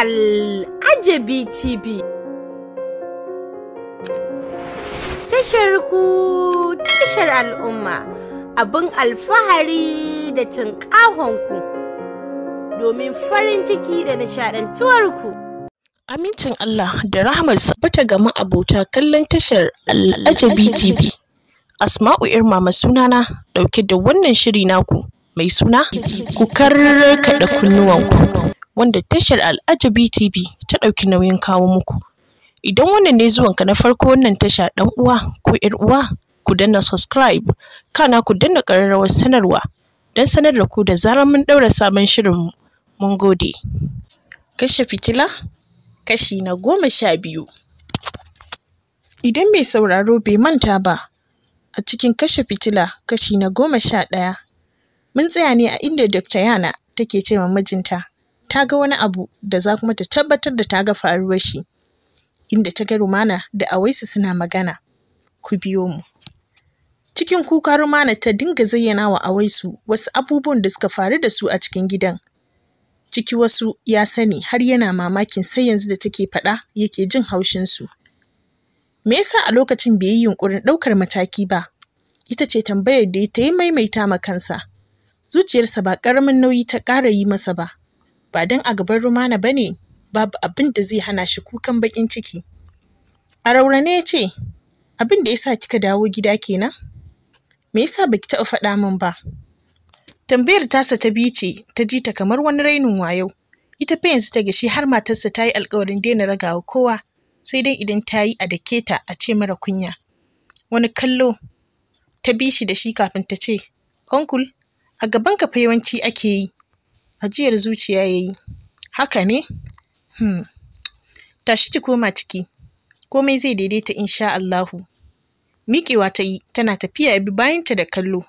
Al'ajabi TV. Tashar ku tashar al'umma abin alfahari da ku domin farin ciki da nishaɗantuwarku. Amincin Allah da rahmarsa bata gama abota kallon tashar Al'ajabi TV. Asma'u ma sunana dauke da wannan shiri naku mai suna ku karkaɗa kunnuwanku. wanda tashar Al'ajabi TV ta ɗauki nauyin kawo muku. Idan wannan ne zuwanka na farko wannan tasha ɗan uwa ko ‘yar uwa ku danna subscribe kana ku danna ƙararrawar sanarwa don sanar da ku da zarar mun ɗaura sabon shirin mun gode. Kashe fitila kashi na goma sha biyu. Idan mai sauraro bai manta ba a cikin kashe fitila kashi na goma sha ɗaya mun tsaya ne a inda Dr. Yana take ce wa mijinta ta ga wani abu da za kuma ta tabbatar da ta ga faruwar shi inda ta ga Rumana da Awaisu suna magana ku biyo mu cikin kuka Rumana ta dinga zayyana wa Awaisu wasu abubuwan da suka faru da su a cikin gidan ciki wasu ya sani har yana mamakin sai yanzu da take faɗa yake jin haushin su me yasa a lokacin bai yi yunkurin ɗaukar mataki ba ita ce tambayar da ta yi maimaita ma kansa zuciyarsa ba ƙaramin nauyi ta ƙara yi masa ba ba don a gaban rumana ba ne babu abin da zai hana shi kukan bakin ciki a raurane ya ce abin da yasa kika dawo gida kenan me yasa baki taɓa faɗa min ba tambayar tasa ta biyu ce ta ji ta kamar wani rainin wayo ita fa yanzu ta gashi har matarsa ta yi alkawarin daina ragawa kowa sai dai idan ta yi a dake ta a ce mara kunya wani kallo ta bi shi da shi kafin ta ce uncle a gaban ka fa yawanci ake yi ajiyar zuciya ya yi haka ne hmm. tashi ki koma ciki komai zai daidaita insha Allahu miƙewa ta yi tana tafiya ya bi bayanta da kallo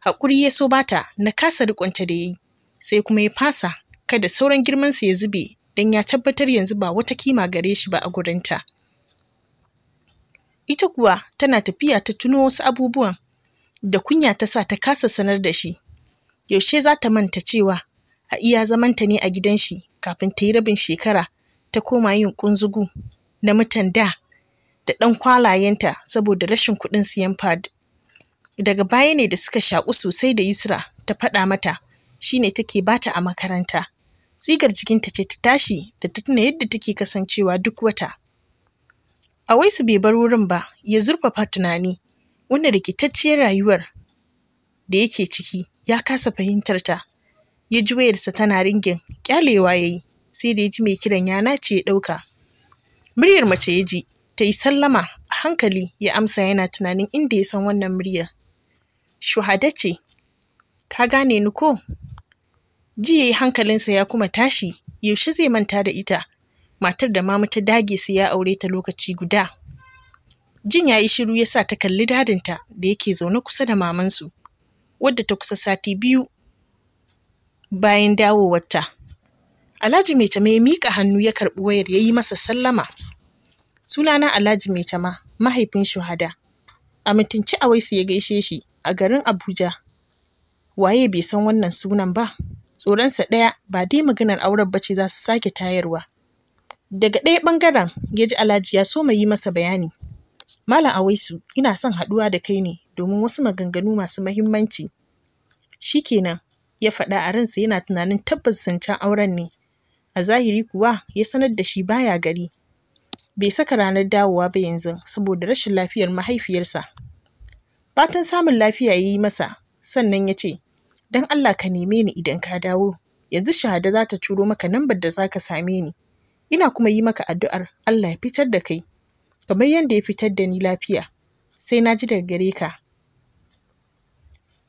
haƙuri ya so bata na kasa riƙonta da ya yi sai kuma ya fasa kada sauran girmansa ya zube don ya tabbatar yanzu ba wata kima gare shi ba a gurinta ita kuwa tana tafiya ta tuno wasu abubuwan da kunya ta sa ta kasa sanar da shi yaushe za ta manta cewa a iya zamanta ne a gidan shi kafin ta yi rabin shekara ta koma yin kunzugu na mutan da da ɗan kwalayenta saboda rashin kuɗin siyan pad. Daga baya ne da suka shaƙu sosai da Yusra ta faɗa mata shine take bata a makaranta. Tsigar jikinta ce ta tashi da ta tuna yadda take kasancewa duk wata. A wai su bai bar wurin ba ya zurfafa tunani wanda rikitacciyar rayuwar da yake ciki ya kasa fahimtar ta ya ji wayarsa tana ringin kyalewa ya yi sai da ya ji mai kiran ya nace ya ɗauka muryar mace ya ji ta yi sallama a hankali ya amsa yana tunanin inda ya san wannan muryar shuhada ce ka gane ni ko ji ya yi hankalinsa ya kuma tashi yaushe zai manta da ita matar da mamu ta dage sai ya aure ta lokaci guda jin ya yi shiru ya sa ta kalli dadinta da yake zaune kusa da mamansu wadda ta kusa sati biyu bayan dawowarta alhaji mai tama ya miƙa hannu ya karɓi wayar ya yi masa sallama sunana alhaji mai tama mahaifin shuhada a mutunci awaisu ya gaishe shi a garin abuja waye bai san wannan sunan ba tsoronsa ɗaya ba dai maganar auren ba ce za su sake tayarwa daga ɗaya ɓangaren ya ji alhaji ya so yi masa bayani malam awaisu ina son haɗuwa da kai ne domin wasu maganganu masu mahimmanci shikenan ya faɗa a ransa yana tunanin tabbas zancen auren ne a zahiri kuwa ya sanar da shi baya gari bai saka ranar dawowa ba yanzu saboda rashin lafiyar mahaifiyarsa fatan samun lafiya ya yi masa sannan ya ce don allah ka neme ni idan ka dawo yanzu shahada za ta turo maka lambar da za ka same ni ina kuma yi maka addu'ar allah ya fitar da kai kamar yadda ya fitar da ni lafiya sai na ji daga gare ka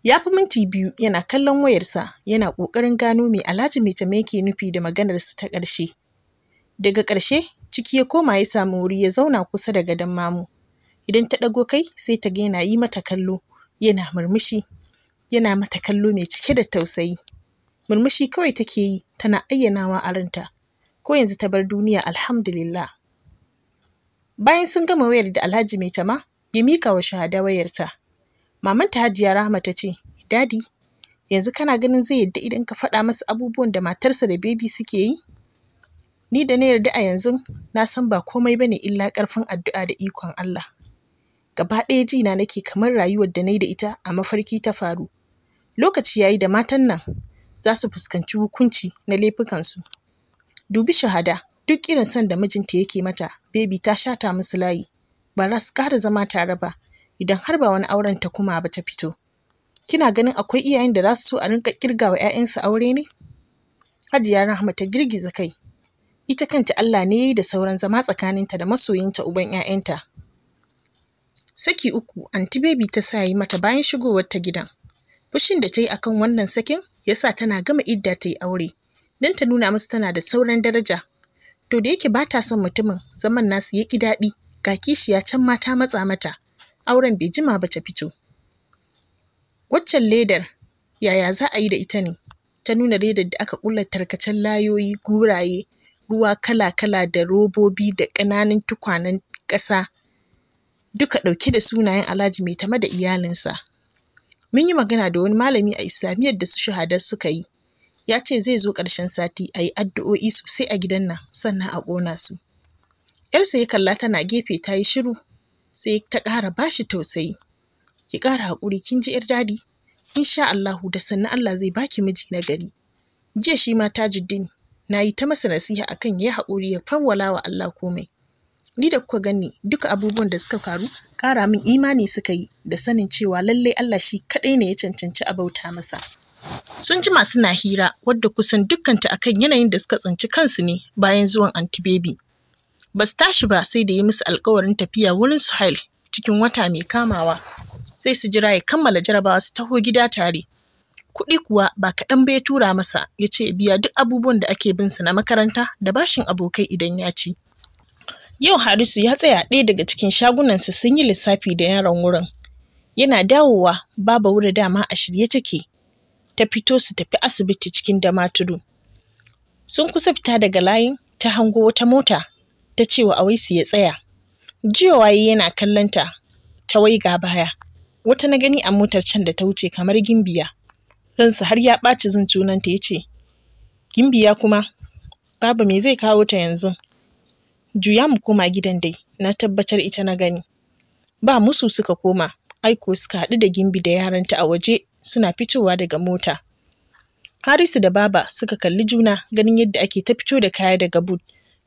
ya fi minti biyu yana kallon wayarsa yana ƙoƙarin gano mai alhaji mai yake nufi da maganarsa ta ƙarshe daga ƙarshe ciki ya koma ya samu wuri ya zauna kusa da gadon mamu idan ta ɗago kai sai ta ga yana yi mata kallo yana murmushi yana mata kallo mai cike da tausayi murmushi kawai take yi tana ayyanawa a ranta ko yanzu ta bar duniya alhamdulillah bayan sun gama wayar da alhaji mai tama ya miƙa wa shahada wayarta Mamanta Hajiya Rahama ta ce, Dadi, yanzu kana ganin zai yadda idan ka faɗa masa abubuwan da matarsa da bebi suke yi? Ni da na yarda a yanzu na san ba komai ba ne illa ƙarfin addu'a da ikon Allah. Gaba ɗaya ji na nake kamar rayuwar da na yi da ita a mafarki ta faru. Lokaci ya yi da matan nan za su fuskanci hukunci na laifukansu. Dubi shahada, duk irin son da mijinta yake mata, bebi ta shata musu layi. Ba za su ƙara zama tare ba, idan har ba wani auren ta kuma ba ta fito kina ganin akwai iyayen da za su so a rinka kirga wa 'ya'yansu aure ne hajiya rahama ta girgiza kai ita kanta Allah ne da sauran zama tsakaninta da masoyinta uban 'ya'yanta saki uku anti baby ta sa yi mata bayan shigowar ta gidan fushin da ta yi akan wannan sakin yasa tana gama idda ta yi aure don ta nuna musu tana da sauran daraja to da yake ba ta son mutumin zaman nasu ya daɗi ga kishiya can ma ta matsa mata auren bai jima ba ta fito waccan ledar yaya za a yi da ita ne ta nuna ledar da aka ƙulla tarkacen layoyi guraye ruwa kala-kala da robobi da ƙananan tukwanen ƙasa duka ɗauke da sunayen alhaji mai tama da iyalinsa mun yi magana da wani malami a islamiyyar da su shahadar suka yi ya ce zai zo ƙarshen sati a yi addu'o'i sosai a gidan nan sannan a ƙona su yarsa ya kalla tana gefe ta yi shiru sai ta ƙara bashi tausayi ki ƙara haƙuri kin ji 'yar dadi insha Allahu da sannan Allah zai baki miji na gari jiya shi ma tajuddin na yi ta masa nasiha akan ya haƙuri ya fawwala wa Allah komai ni da kuka gani duka abubuwan da suka faru ƙara min imani suka yi da sanin cewa lallai Allah shi kaɗai ne ya cancanci a bauta masa sun jima suna hira wadda kusan dukkanta akan yanayin da suka tsinci kansu ne bayan zuwan anti baby ba su tashi ba sai da yi musu alkawarin tafiya wurin su Suhail cikin wata mai kamawa sai su jira ya kammala jarabawa su taho gida tare kuɗi kuwa ba kaɗan bai tura masa ya ce biya duk abubuwan da ake binsa na makaranta da bashin abokai idan ya ci yau harisu ya tsaya ɗaya daga cikin shagunansa sun yi lissafi da yaron wurin yana dawowa babu wuri dama a shirye take ta fito su tafi asibiti cikin damaturu sun kusa fita daga layin ta hango wata mota ta ce wa Awaisu ya tsaya. Jiya waye yana kallon ta ta ga baya. Wata na gani a motar can da ta wuce kamar gimbiya. Ransa har ya ɓaci zin junanta ya ce, Gimbiya kuma, Baba me zai kawo ta yanzu. Juya mu koma gidan dai, na tabbatar ita na gani. Ba musu suka koma, aiko suka haɗu da gimbi da yaranta a waje suna fitowa daga mota. Harisu da Baba suka kalli juna ganin yadda ake ta fito da kaya daga bud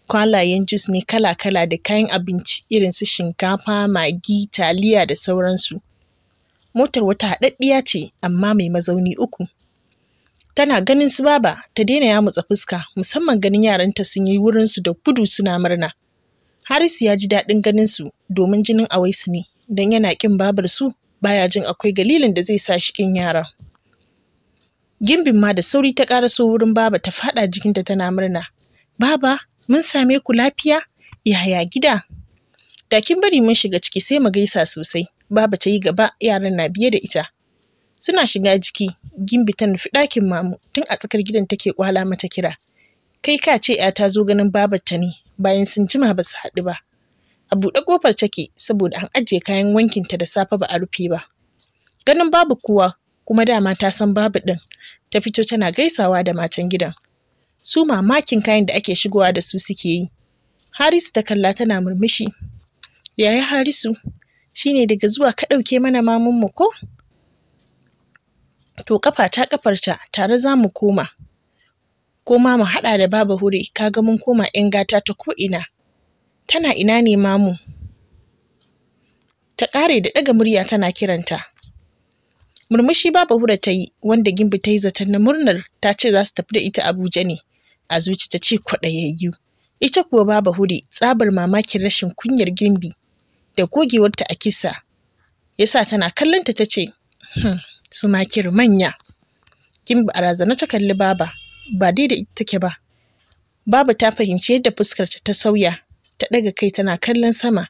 kwalayen jus ne kala-kala da kayan abinci irin su shinkafa, magi, taliya da sauransu. Motar wata haɗaɗɗiya ce amma mai mazauni uku. Tana ganin su baba ta daina ya mutsa fuska musamman ganin yaranta sun yi wurinsu da gudu suna murna. haris ya ji daɗin ganin su domin jinin awai su ne don yana ƙin babar su baya jin akwai galilin da zai sa shi ƙin yara. Gimbin ma da sauri ta ƙaraso wurin baba ta faɗa jikinta tana murna. Baba, mun same ku lafiya yaya gida da kin bari mun shiga ciki sai mu gaisa sosai baba ta yi gaba yaran na biye da ita suna shiga jiki gimbi ta nufi ɗakin mamu tun a tsakar gidan take kwala mata kira kai ka ce ya ta zo ganin babar ta ne bayan sun jima ba su haɗu ba a buɗe ƙofar take saboda an ajiye kayan wankinta da safe ba a rufe ba ganin babu kowa kuma dama ta san babu ɗin ta fito tana gaisawa da matan gidan su mamakin kayan da ake shigowa da su suke yi harisu ta kalla tana murmushi yaya harisu shine daga zuwa ka ɗauke mana mu, ko to ƙafa ta kafarta tare za mu koma ko ma mu haɗa da baba hure kaga mun koma 'yan gata ta ko ina tana ina ne mamu ta ƙare da ɗaga murya tana kiranta murmushi baba hure ta yi wanda gimbi ta yi zaton na murnar ta ce za su tafi da ita abuja ne a zuci ta ce kwaɗayayyu ita kuwa baba hure tsabar mamakin rashin kunyar gimbi da gogewarta a kisa Ya sa tana kallonta ta ce hmm, su makir manya gimbi a razana ta kalli baba ba dai da ita take ba baba ta fahimci yadda fuskarta ta sauya ta ɗaga kai tana kallon sama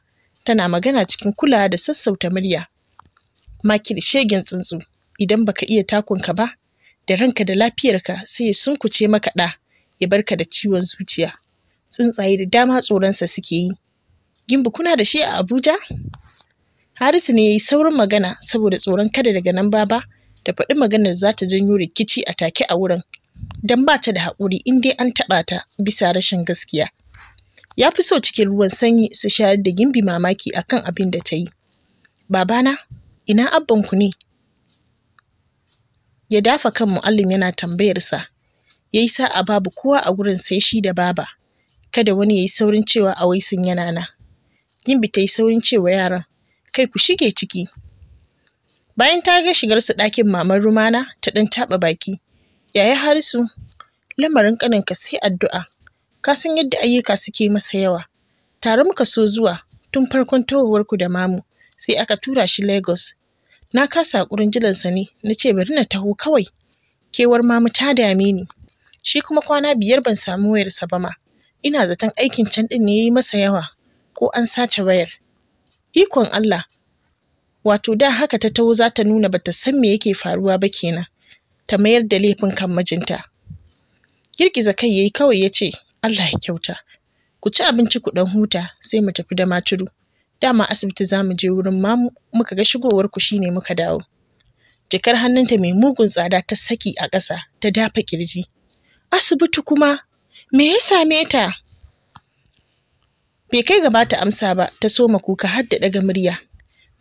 tana magana cikin kulawa da sassauta murya makir shegen tsuntsu idan baka iya takunka ba da ranka da lafiyarka sai ya sunkuce maka ɗa ya barka da ciwon zuciya tsuntsaye da dama tsoronsa suke yi gimbi kuna da shi a abuja harisu ne ya yi saurin magana saboda tsoron kada daga nan baba da faɗi maganar za ta janyo rikici a take a wurin don ba ta da haƙuri in dai an taɓa ta bisa rashin gaskiya ya fi so cikin ruwan sanyi su shayar da gimbi mamaki akan abin da ta yi babana ina ku ne ya dafa kan mu'allim yana tambayarsa ya yi sa'a babu kowa a gurin sai shi da baba kada wani ya yi saurin cewa a waisin yana na bi ta yi saurin cewa yaran kai ku shige ciki bayan ta ga shigar su ɗakin maman rumana ta ɗan taɓa baki yaya harisu lamarin ƙaninka sai addu'a ka san yadda ayyuka suke masa yawa tare muka so zuwa tun farkon tawowarku da mamu sai aka tura shi lagos na kasa haƙurin jilansa ne na ce bari na taho kawai kewar mamu ta dame ni shi kuma kwana biyar ban samu wayarsa ba ma ina zaton aikin can ɗin ne ya yi masa yawa ko an sace wayar ikon Allah wato da haka ta taho za ta nuna bata san me yake faruwa ba kenan ta mayar da laifin kan mijinta girgiza kai yayi kawai yace Allah ya kyauta ku ci abinci ku ɗan huta sai mu tafi da maturu dama asibiti za mu je wurin mamu muka ga shigowar ku shine muka dawo jakar hannunta mai mugun tsada ta saki a ƙasa ta dafa kirji asibiti kuma me ya same ta bai kai gaba ta amsa ba ta soma kuka har da daga murya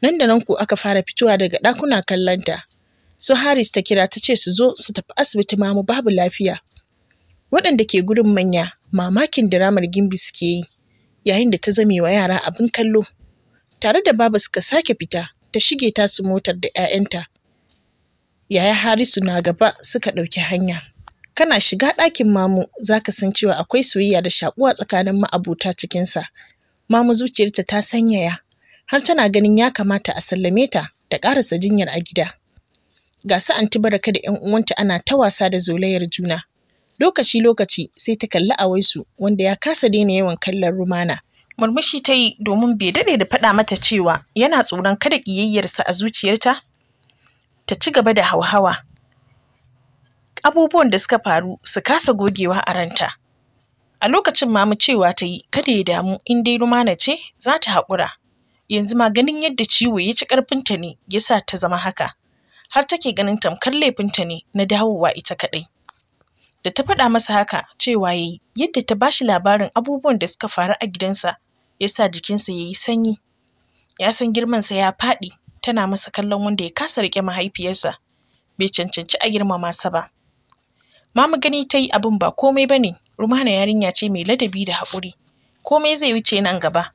nan da nan ko aka fara fitowa daga ɗakuna kallonta su haris ta kira ta ce su zo su tafi asibiti mamu babu lafiya waɗanda ke gurin manya mamakin diramar gimbi suke yi yayin da ta zame wa yara abin kallo tare da baba suka sake fita ta shige tasu motar da 'ya'yanta yaya harisu na gaba suka ɗauki hanya kana shiga ɗakin mamu za ka san cewa akwai soyayya da shakuwa tsakanin ma'abuta cikinsa mamu zuciyarta ta sanyaya har tana ganin ya kamata a sallame ta da ƙarasa jinyar a gida ga su anti baraka da 'yan uwanta ana ta wasa da zolayar juna lokaci lokaci sai ta kalli a waisu wanda ya kasa daina yawan kallon rumana murmushi ta yi domin bai daɗe da faɗa mata cewa yana tsoron kada ƙiyayyarsa a zuciyarta ta ci gaba da hauhawa abubuwan da suka faru su kasa gogewa a ranta a lokacin mu cewa ta yi kada ya damu in dai rumana ce za ta haƙura yanzu ma ganin yadda ciwo ya ci ƙarfinta ne ya sa ta zama haka har take ganin tamkar laifinta ne na dawowa ita kaɗai da ta faɗa masa haka cewa ya yi yadda ta bashi labarin abubuwan da suka faru a gidansa ya sa jikinsa ya yi sanyi ya san girmansa ya faɗi tana masa kallon wanda ya kasa riƙe mahaifiyarsa bai cancanci a girmama sa ba mama gani ta yi abin ba komai ba ne, Rumana yarinya ce mai ladabi da haƙuri. Komai zai wuce nan gaba.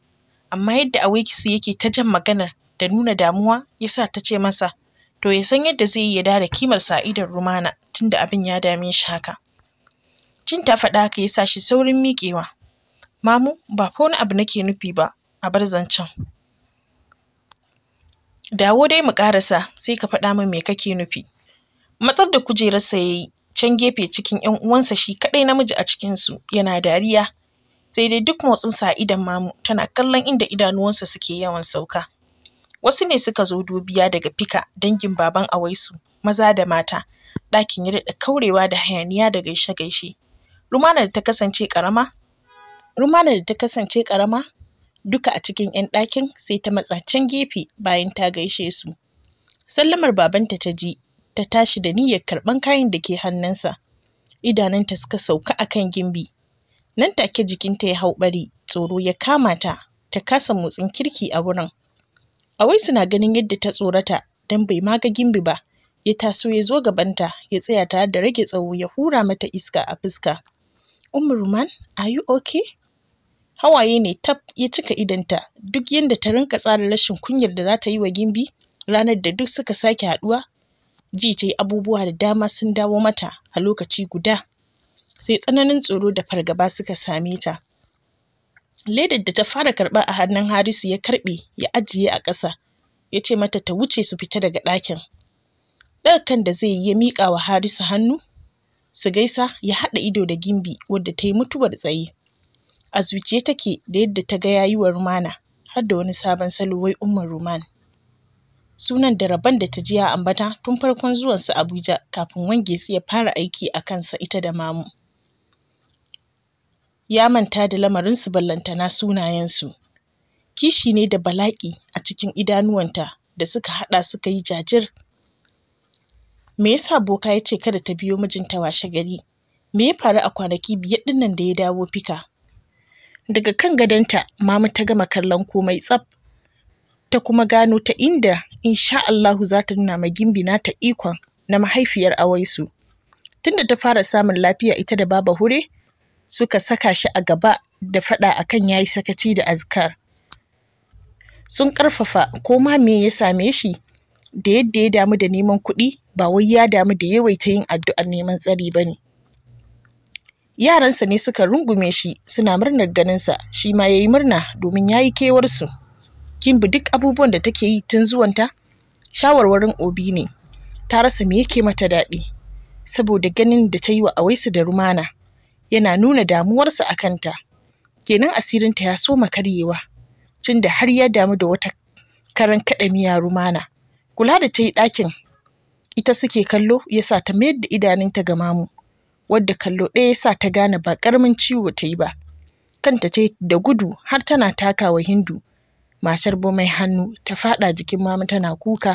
Amma yadda Awekisi yake ta jan magana da nuna damuwa ya sa ta ce masa, to ya san yadda zai yi ya kimar Sa'idar idon Rumana tunda abin ya dame shi haka. Jin ta faɗa ka ya sa shi saurin miƙewa. Mamu ba ko wani abu nake nufi ba a bar zancen. Dawo dai mu ƙarasa sai ka faɗa min me kake nufi. Matsar da kujerarsa ya yi can gefe cikin ‘yan uwansa shi kaɗai namiji a cikinsu yana dariya sai dai duk motsinsa a idon mamu tana kallon inda idanuwansa suke yawan sauka wasu ne suka zo dubiya daga fika dangin baban awaisu maza da mata ɗakin ya daɗa kaurewa da hayaniya da gaishe-gaishe rumana da ta kasance ƙarama rumana da ta kasance ƙarama duka a cikin 'yan ɗakin sai ta matsa can gefe bayan ta gaishe su sallamar babanta ta ji ta tashi da niyyar karɓan kayan da ke hannunsa idanunta suka sauka a kan gimbi nan take jikinta ya hau ɓari tsoro ya kama ta ta kasa motsin kirki a wurin awaisu na ganin yadda ta tsorata don bai ma ga gimbi ba ya taso ya zo gabanta ya tsaya tare da rage tsawo ya hura mata iska a fuska umruman are you okay hawaye ne tab ya cika idanta duk yadda ta rinka tsara rashin kunyar da za ta yi wa gimbi ranar da duk suka sake haɗuwa ji ta yi abubuwa da dama sun dawo mata a lokaci guda sai tsananin tsoro da fargaba suka same ta ledar da ta fara karɓa a hannun harisu ya karɓe ya ajiye a ƙasa ya ce mata ta wuce su fita daga ɗakin kan da zai yi ya miƙa wa harisu hannu su gaisa ya haɗa ido da gimbi wadda ta yi mutuwar tsaye a zuciya take da yadda ta ga yayi wa rumana har da wani sabon salo wai umar roman. sunan da da ta ji ya ambata tun farkon zuwansa Abuja kafin wange ya fara aiki a kansa ita da mamu. Ya manta da lamarinsu ballantana sunayensu. Kishi ne da balaƙi a cikin idanuwanta da suka haɗa suka yi jajir. Me yasa boka ya ce kada ta biyo mijinta washe gari? Me ya faru a kwanaki biyar ɗinnan da ya dawo fika? Daga kan gadonta, mamu ta gama kallon komai tsaf ta kuma gano ta inda insha Allahu za ta nuna ma Gimbi ta ikon na mahaifiyar Awaisu. Tunda ta fara samun lafiya ita da Baba Hure suka saka shi a gaba da faɗa akan yayi sakaci da azkar. Sun ƙarfafa ko ma me ya same shi da yadda ya damu da neman kuɗi ba wai ya damu da yawaita yin addu'ar neman tsari ba ne. Yaransa ne suka rungume shi suna murnar ganinsa shi ma ya yi murna domin ya yi kewarsu. kin duk abubuwan da take yi tun zuwanta shawarwarin obi ne ta rasa me yake mata daɗi saboda ganin da ta yi wa awaisu da rumana yana nuna damuwarsa a kanta kenan asirinta ya soma karyewa cin da har ya damu da wata karan kaɗa miya rumana kula da ta yi ɗakin ita suke kallo ya sa ta mayar da idanunta ga mamu wadda kallo ɗaya ya sa ta gane ba ƙaramin ciwo ta yi ba kanta ta da gudu har tana takawa hindu Matar mai hannu ta faɗa jikin mamu tana kuka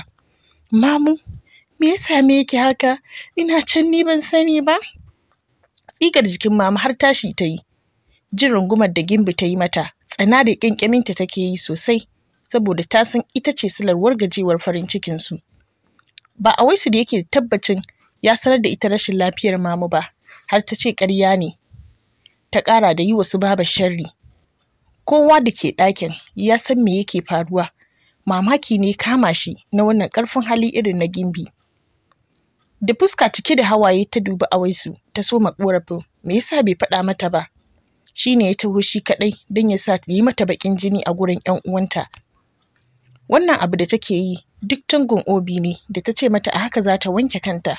mamu me ya same yake haka ina can ni ban sani ba tsigar jikin mamu har tashi ta yi jin rungumar da gimbi ta yi mata tsana da ƙyanƙyaminta take yi sosai saboda ta san ita ce silar wargajewar farin cikin su ba a waisu da yake tabbacin ya sanar da ita rashin lafiyar mamu ba har ta ce ƙarya ne ta ƙara da yi wasu baba sharri kowa da ke ɗakin ya san me yake faruwa mamaki ne kama shi na wannan ƙarfin hali irin na gimbi da fuska cike da hawaye ta dubi awaisu ta soma ƙorafin me yasa bai faɗa mata ba shi ne ya taho shi kaɗai don ya sa ta yi mata baƙin jini a gurin 'yan uwanta wannan abu da take yi duk tungun obi ne da ta ce mata a haka za ta wanke kanta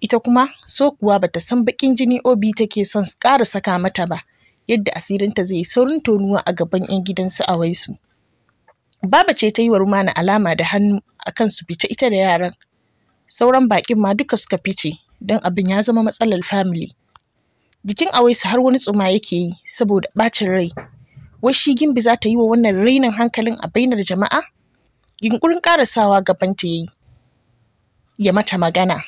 ita kuma so kuwa bata san baƙin jini obi take son ƙara saka mata ba yadda asirinta zai yi saurin tonuwa a gaban 'yan gidansu a waisu. Baba ce ta yi wa Rumana alama da hannu a kan su fice ita da yaran. Sauran baƙin ma duka suka fice don abin ya zama matsalar family. Jikin Awaisu har wani tsuma yake yi saboda ɓacin rai. Wai shi Gimbi za ta yi wa wannan rainin hankalin a bainar jama'a? Yunkurin ƙarasawa gaban ta yi. Ya mata magana.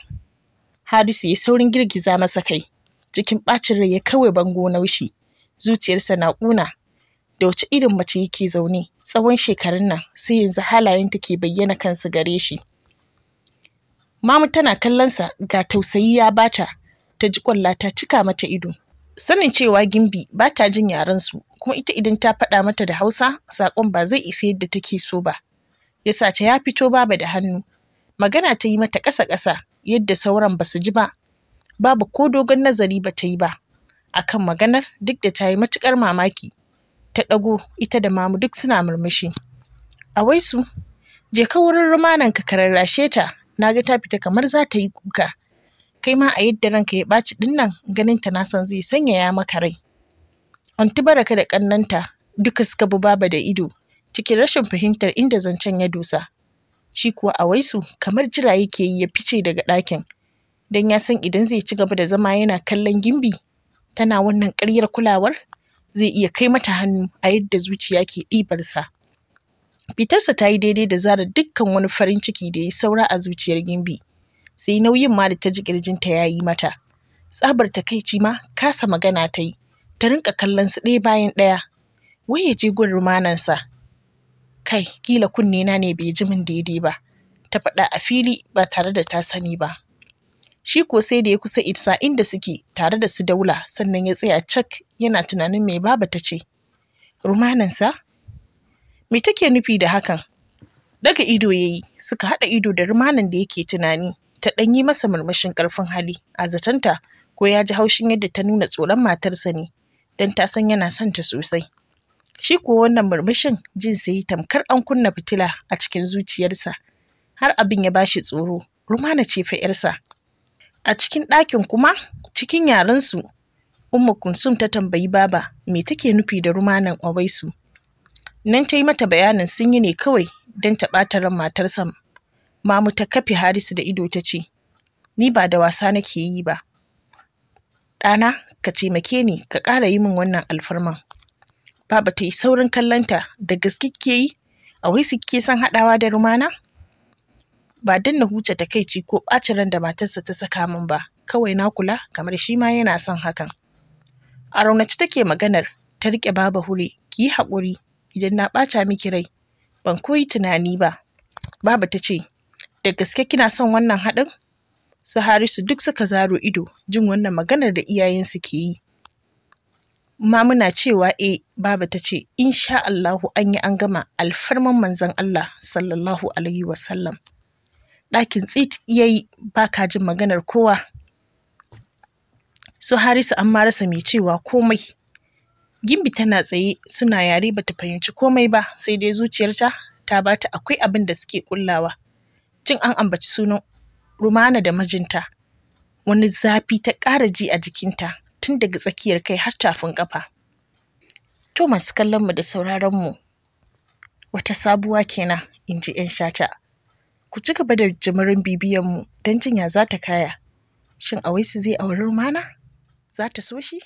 Hadisu ya saurin girgiza masa kai. Cikin ɓacin rai ya kawai bango naushi. zuciyarsa na ƙuna da wace irin mace yake zaune tsawon shekarun nan sai yanzu halayenta ke bayyana kansa gare shi mamu tana kallonsa ga tausayi ya bata ta ji kwalla ta cika mata ido sanin cewa gimbi ba ta jin su kuma ita idan ta faɗa mata da hausa saƙon ba zai isa yadda take so ba ya sa ta ya fito baba da hannu magana ta yi mata ƙasa-ƙasa yadda sauran ba su ji ba babu ko dogon nazari ba ta yi ba akan maganar duk da ta yi matuƙar mamaki ta ɗago ita da mamu duk suna murmushi a waisu je ka wurin rumanan ka rarrashe ta na ga ta fita kamar za ta yi kuka kai ma a yadda ranka ya ɓaci ɗinnan ganin ta na san zai sanyaya maka rai anti baraka da ƙannanta duka suka bi baba da ido cikin rashin fahimtar inda zancen ya dosa shi kuwa a waisu kamar jira yake yi ya fice daga ɗakin don ya san idan zai ci gaba da zama yana kallon gimbi tana wannan ƙaryar kulawar zai iya kai mata hannu a yadda zuciya ke ɗibarsa. Fitarsa ta yi daidai da zara dukkan wani farin ciki da ya saura a zuciyar Gimbi, sai nauyin ma da ta ji ƙirjinta ya yi mata. Tsabar takaici ma kasa magana ta yi, ta rinka kallon su ɗaya bayan ɗaya. Wai ya je gun rumanansa. Kai, kila kunne na ne bai ji min daidai ba, ta faɗa a fili ba tare da ta sani ba. shi ko sai da ya kusa isa inda suke tare da su daula sannan ya tsaya cak yana tunanin mai baba ta ce rumanansa me take nufi da hakan daga ido ya yi suka haɗa ido da rumanan da yake tunani ta ɗan yi masa murmushin ƙarfin hali a zatanta ko ya ji haushin yadda ta nuna tsoron matarsa ne don ta san yana son ta sosai shi ko wannan murmushin jin sai tamkar an kunna fitila a cikin zuciyarsa har abin ya bashi tsoro rumana ce fa yarsa a cikin ɗakin kuma cikin yarensu umma kunsum ta tambayi baba me take nufi da rumanan awaisu nan ta yi mata bayanin sun yi ne kawai don ta ɓata ran matarsa mamu ta kafi harisu da ido ta ce ni ba da wasa nake yi ba ɗana ka taimake ni ka ƙara yi min wannan alfarman baba ta yi saurin kallonta da gaske kike yi a waisu kike son haɗawa da rumana ba don na huce takaici ko ɓacin ran da matarsa ta saka min ba kawai na kula kamar shi ma yana son hakan a raunaci take maganar ta riƙe baba hure ki yi haƙuri idan na ɓata miki rai ban koyi tunani ba baba ta ce da gaske kina son wannan haɗin su harisu duk suka zaro ido jin wannan maganar da iyayensu ke yi ma muna cewa e baba ta ce insha Allahu an yi an gama alfarman manzon Allah sallallahu alaihi wasallam ɗakin tsit ya yi ba ka jin maganar kowa su harisu an ma rasa mai cewa komai gimbi tana tsaye suna yare bata fahimci komai ba sai dai zuciyarta ta bata akwai abin da suke kullawa jin an ambaci sunan rumana da majinta wani zafi ta ƙara ji a jikinta tun daga tsakiyar kai har tafin ƙafa to masu kallon mu da sauraron mu wata sabuwa kenan in ji 'yan shata ku ci gaba da jimirin mu don jinya za ta kaya. Shin Awaisu zai auri mana? Za ta so shi?